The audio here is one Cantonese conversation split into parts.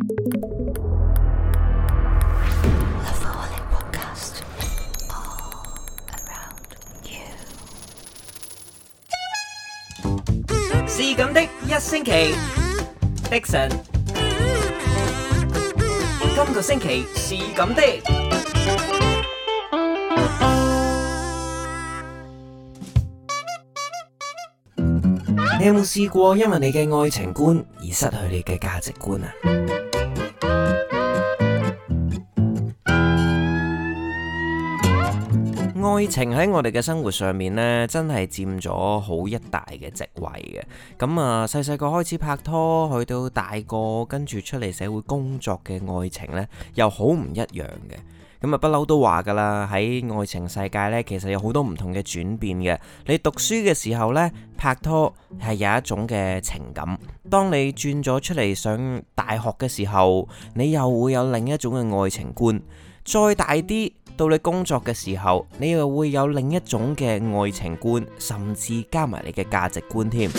The falling podcast all around you. 是咁 的一星期，Dixon。Ixon, 今個星期是咁的。 你有冇試過因為你嘅愛情觀而失去你嘅價值觀啊？愛情喺我哋嘅生活上面呢，真係佔咗好一大嘅席位嘅。咁、嗯、啊，細細個開始拍拖，去到大個，跟住出嚟社會工作嘅愛情呢，又好唔一樣嘅。咁啊，不嬲都話噶啦，喺愛情世界呢，其實有好多唔同嘅轉變嘅。你讀書嘅時候呢，拍拖係有一種嘅情感；當你轉咗出嚟上大學嘅時候，你又會有另一種嘅愛情觀；再大啲，到你工作嘅時候，你又會有另一種嘅愛情觀，甚至加埋你嘅價值觀添。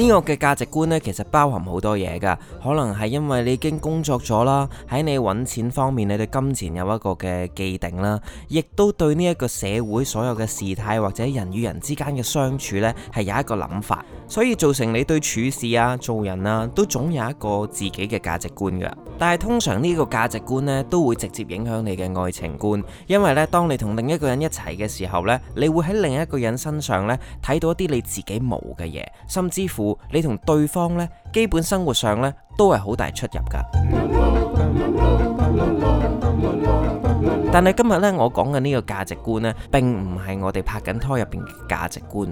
呢個嘅價值觀呢，其實包含好多嘢噶，可能係因為你已經工作咗啦，喺你揾錢方面你對金錢有一個嘅既定啦，亦都對呢一個社會所有嘅事態或者人與人之間嘅相處呢，係有一個諗法，所以造成你對處事啊、做人啊都總有一個自己嘅價值觀噶。但係通常呢個價值觀呢，都會直接影響你嘅愛情觀，因為呢，當你同另一個人一齊嘅時候呢，你會喺另一個人身上呢，睇到一啲你自己冇嘅嘢，甚至乎。你同對方咧，基本生活上咧都係好大出入噶。但係今日咧，我講嘅呢個價值觀呢，並唔係我哋拍緊拖入邊嘅價值觀，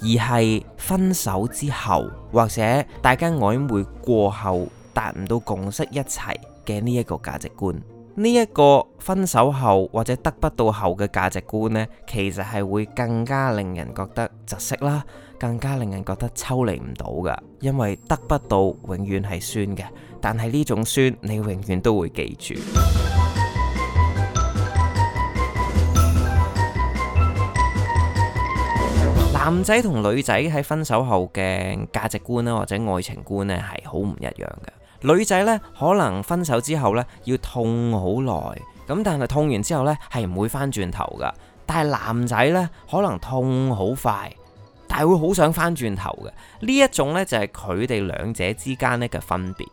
而係分手之後或者大家曖昧過後達唔到共識一齊嘅呢一個價值觀。呢一個分手後或者得不到後嘅價值觀呢，其實係會更加令人覺得窒息啦。更加令人覺得抽離唔到噶，因為得不到永遠係酸嘅，但係呢種酸你永遠都會記住。 男仔同女仔喺分手後嘅價值觀呢，或者愛情觀呢，係好唔一樣嘅。女仔呢，可能分手之後呢，要痛好耐，咁但係痛完之後呢，係唔會返轉頭噶，但係男仔呢，可能痛好快。係會好想翻轉頭嘅，呢一種呢，就係佢哋兩者之間呢嘅分別。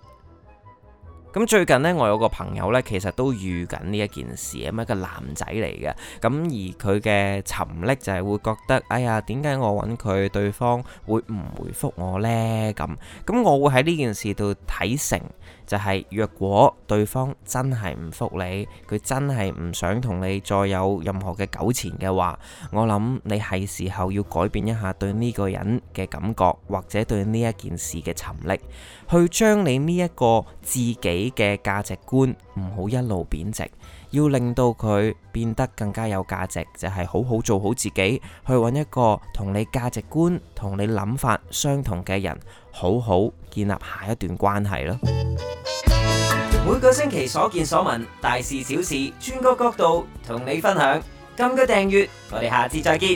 咁最近呢，我有個朋友呢，其實都遇緊呢一件事咁，一個男仔嚟嘅。咁而佢嘅沉溺就係會覺得，「哎呀，點解我揾佢對方會唔回覆我呢？」咁咁我會喺呢件事度睇成。就係若果對方真係唔覆你，佢真係唔想同你再有任何嘅糾纏嘅話，我諗你係時候要改變一下對呢個人嘅感覺，或者對呢一件事嘅沉溺。去將你呢一個自己嘅價值觀唔好一路貶值，要令到佢變得更加有價值，就係、是、好好做好自己，去搵一個同你價值觀同你諗法相同嘅人。好好建立下一段關係咯。每個星期所見所聞，大事小事，轉個角度同你分享。今個訂閱，我哋下次再見。